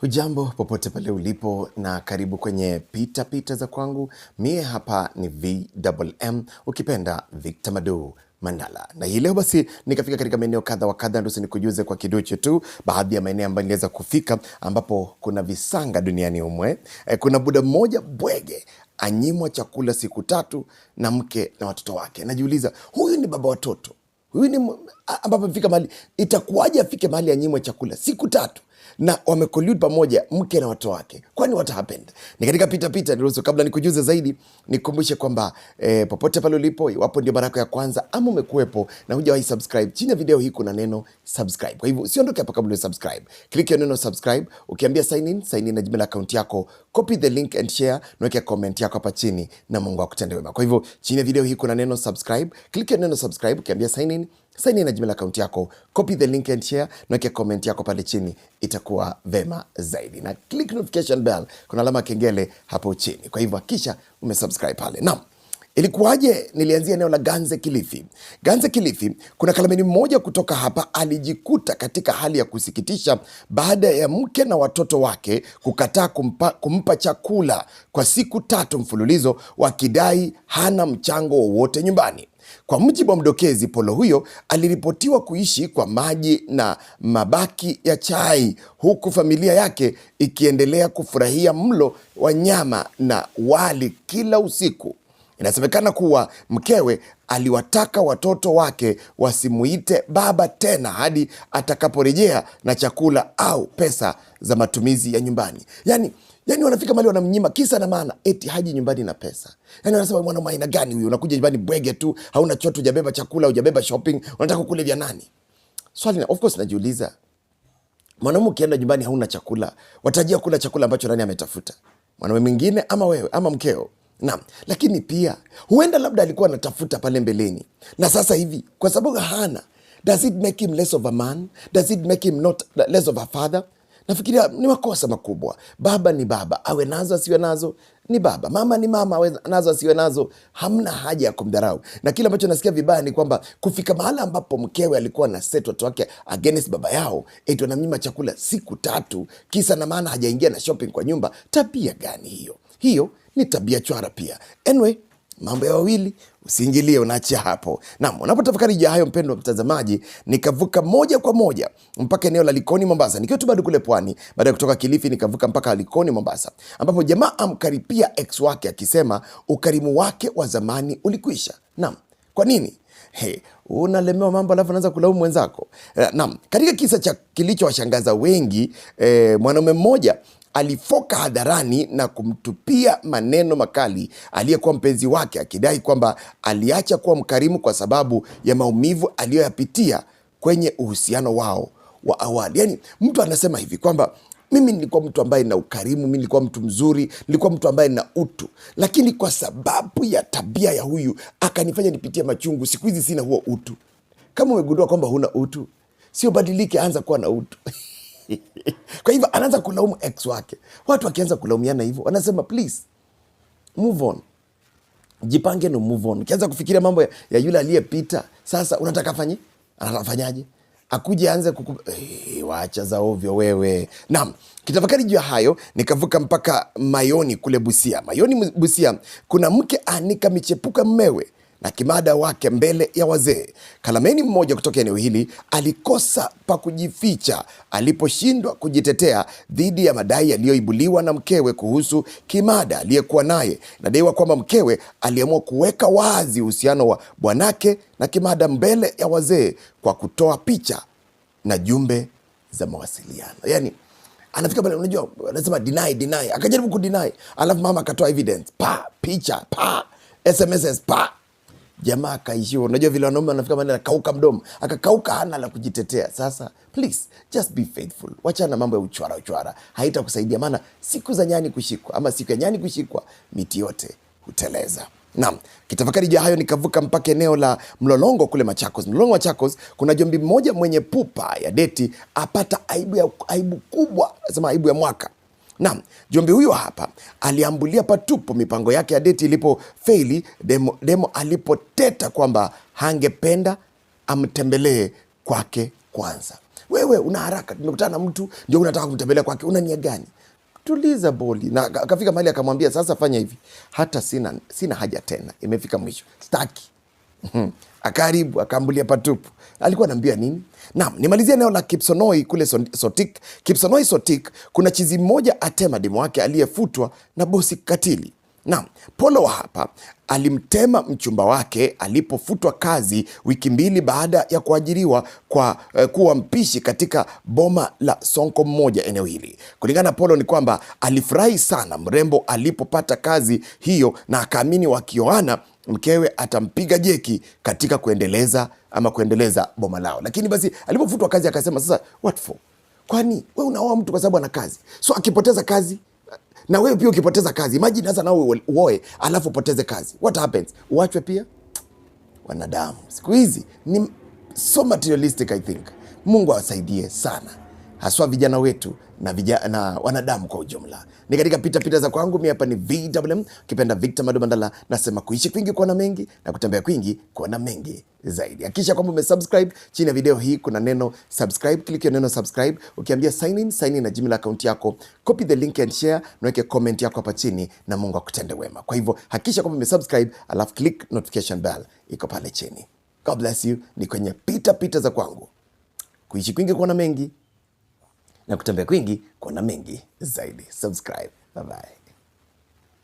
Hujambo popote pale ulipo na karibu kwenye pita pita za kwangu. Mie hapa ni VMM, ukipenda Victor Madu Mandala na hii leo basi nikafika katika maeneo kadha wa kadha, ndosi nikujuze kwa kiduchu tu baadhi ya maeneo ambayo niliweza kufika, ambapo kuna visanga duniani umwe. E, kuna buda mmoja bwege anyimwa chakula siku tatu na mke na watoto wake. Najiuliza, huyu ni baba watoto huyu ni ambapo fika mahali itakuwaje afike mahali anyimwe chakula siku tatu? na wamecolude pamoja mke na watoto wake. Kwani what happened? Ni katika pita pita niruhusu, kabla nikujuze zaidi, nikukumbushe kwamba eh, popote pale ulipo, iwapo ndio mara yako ya kwanza ama umekuwepo na hujawahi subscribe, chini ya video hii kuna neno subscribe. Kwa hivyo usiondoke hapa kabla ya subscribe, click neno subscribe. Ukiambia sign in, sign in na jina la account yako, copy the link and share, na weka comment yako hapa chini na Mungu akutende wema. Kwa hivyo chini ya video hii kuna neno subscribe, click ya neno subscribe. Ukiambia sign in Sign in na Gmail account yako, copy the link and share, na weke comment yako pale chini, itakuwa vema zaidi, na click notification bell, kuna alama kengele hapo chini. Kwa hivyo hakisha umesubscribe pale. Naam. Ilikuwaje? Nilianzia eneo la Ganze Kilifi. Ganze Kilifi, kuna kalameni mmoja kutoka hapa alijikuta katika hali ya kusikitisha baada ya mke na watoto wake kukataa kumpa, kumpa chakula kwa siku tatu mfululizo wakidai hana mchango wowote nyumbani. Kwa mujibu wa mdokezi, polo huyo aliripotiwa kuishi kwa maji na mabaki ya chai, huku familia yake ikiendelea kufurahia mlo wa nyama na wali kila usiku. Inasemekana kuwa mkewe aliwataka watoto wake wasimuite baba tena hadi atakaporejea na chakula au pesa za matumizi ya nyumbani. Yani, yani wanafika mali wanamnyima kisa na maana eti haji nyumbani na pesa. Yani wanasema mwana aina gani huyu, unakuja nyumbani bwege tu, hauna choto, hujabeba chakula, hujabeba shopping, unataka kule vya nani? Swali of course najiuliza, mwanaume ukienda nyumbani hauna chakula, watajia kula chakula ambacho nani ametafuta? Mwanaume mwingine ama wewe ama mkeo? na lakini pia huenda labda alikuwa anatafuta pale mbeleni na sasa hivi kwa sababu hana, does it make him less of a man? Does it make him not less of a father? nafikiria ni makosa makubwa. Baba ni baba, awe nazo asiwe nazo ni baba. Mama ni mama, awe nazo asiwe nazo, hamna haja ya kumdharau. Na kile ambacho nasikia vibaya ni kwamba kufika mahala ambapo mkewe alikuwa na set watu wake against baba yao, eti wanamnyima chakula siku tatu, kisa na maana hajaingia na shopping kwa nyumba. Tabia gani hiyo? Hiyo ni tabia chwara pia. Anyway, mambo ya wawili usiingilie, unaachia hapo. Naam, unapotafakari juu ya hayo, mpendwa mtazamaji, nikavuka moja kwa moja mpaka eneo la Likoni Mombasa, nikiwa tu bado kule pwani. Baada ya kutoka Kilifi, nikavuka mpaka Likoni Mombasa, ambapo jamaa amkaripia ex wake akisema ukarimu wake wa zamani ulikwisha. Naam, kwa nini? Hey, unalemewa mambo alafu unaanza kulaumu mwenzako. Eh, naam, katika kisa cha kilichowashangaza wengi, eh, mwanaume mmoja alifoka hadharani na kumtupia maneno makali aliyekuwa mpenzi wake, akidai kwamba aliacha kuwa mkarimu kwa sababu ya maumivu aliyoyapitia kwenye uhusiano wao wa awali. Yani, mtu anasema hivi kwamba mimi nilikuwa mtu ambaye na ukarimu, mi nilikuwa mtu mzuri, nilikuwa mtu ambaye na utu, lakini kwa sababu ya tabia ya huyu akanifanya nipitie machungu. Siku hizi sina huo utu. Kama umegundua kwamba huna utu, sio badilike, anza kuwa na utu. Kwa hivyo anaanza kulaumu ex wake. Watu wakianza kulaumiana hivyo, wanasema please move on, jipange na move on. Ukianza kufikiria mambo ya, ya yule aliyepita, sasa unataka fanye, anafanyaje akuje anze kuku... Hey, eh, waacha za ovyo wewe. Naam, kitafakari juu ya hayo nikavuka mpaka Mayoni kule Busia. Mayoni Busia kuna mke anika michepuka mmewe na kimada wake mbele ya wazee. Kalameni mmoja kutoka eneo hili alikosa pa kujificha aliposhindwa kujitetea dhidi ya madai yaliyoibuliwa na mkewe kuhusu kimada aliyekuwa naye. Inadaiwa kwamba mkewe aliamua kuweka wazi uhusiano wa bwanake na kimada mbele ya wazee kwa kutoa picha na jumbe za mawasiliano. Yani anafika pale, unajua anasema deny deny, akajaribu kudeny, alafu mama akatoa evidence pa picha pa sms pa jamaa akaishiwa. Unajua vile wanaume wanafika mahali akakauka mdomo, akakauka, hana la kujitetea. Sasa please just be faithful, wachana mambo ya uchwara uchwara, haitakusaidia maana siku za nyani kushikwa ama siku ya nyani kushikwa miti yote huteleza. Naam, kitafakari ja hayo nikavuka mpaka eneo la Mlolongo kule Machakos. Mlolongo Machakos, kuna jombi mmoja mwenye pupa ya deti apata aibu, ya, aibu kubwa, nasema aibu ya mwaka Naam, jombi huyo hapa aliambulia patupo mipango yake ya deti ilipofeli. Demo, Demo alipoteta kwamba hangependa amtembelee kwake kwanza. Wewe una haraka, tumekutana na mtu ndio unataka kumtembelea kwake, una nia gani? Tuliza boli. Na akafika mahali akamwambia, sasa fanya hivi, hata sina, sina haja tena, imefika mwisho, staki Mhm. akaharibu akaambulia patupu. Alikuwa anaambia nini? nam nimalizia eneo la Kipsonoi kule Sotik. Kipsonoi Sotik kuna chizi mmoja atema demu wake aliyefutwa na bosi katili. Na Polo wa hapa alimtema mchumba wake alipofutwa kazi wiki mbili baada ya kuajiriwa kwa eh, kuwa mpishi katika boma la Sonko mmoja eneo hili. Kulingana na Polo ni kwamba alifurahi sana mrembo alipopata kazi hiyo na akaamini wakioana mkewe atampiga jeki katika kuendeleza ama kuendeleza boma lao, lakini basi alipofutwa kazi akasema sasa what for? Kwani we unaoa mtu kwa sababu ana kazi, so akipoteza kazi na wewe pia ukipoteza kazi, imagine sasa nawe uoe alafu upoteze kazi, what happens? Uachwe pia. Wanadamu siku hizi ni so materialistic, I think. Mungu awasaidie sana haswa vijana wetu na, vija, na wanadamu kwa ujumla. Ni katika pita pita za kwangu mi hapa ni VMM, ukipenda Victor Madumandala, nasema kuishi kwingi kuona mengi na kutembea kwingi kuona mengi zaidi. Hakikisha kwamba umesubscribe chini ya video hii, kuna neno subscribe, click hiyo neno subscribe. Ukiambia sign in, sign in na Gmail account yako, copy the link and share, naweke comment yako hapa chini, na Mungu akutende wema. Kwa hivyo hakikisha kwamba umesubscribe, alafu click notification bell iko pale chini. God bless you. Ni kwenye pita pita za kwangu, kuishi kwingi kuona mengi na kutembea kwingi kuona mengi zaidi. Subscribe. Bye bye.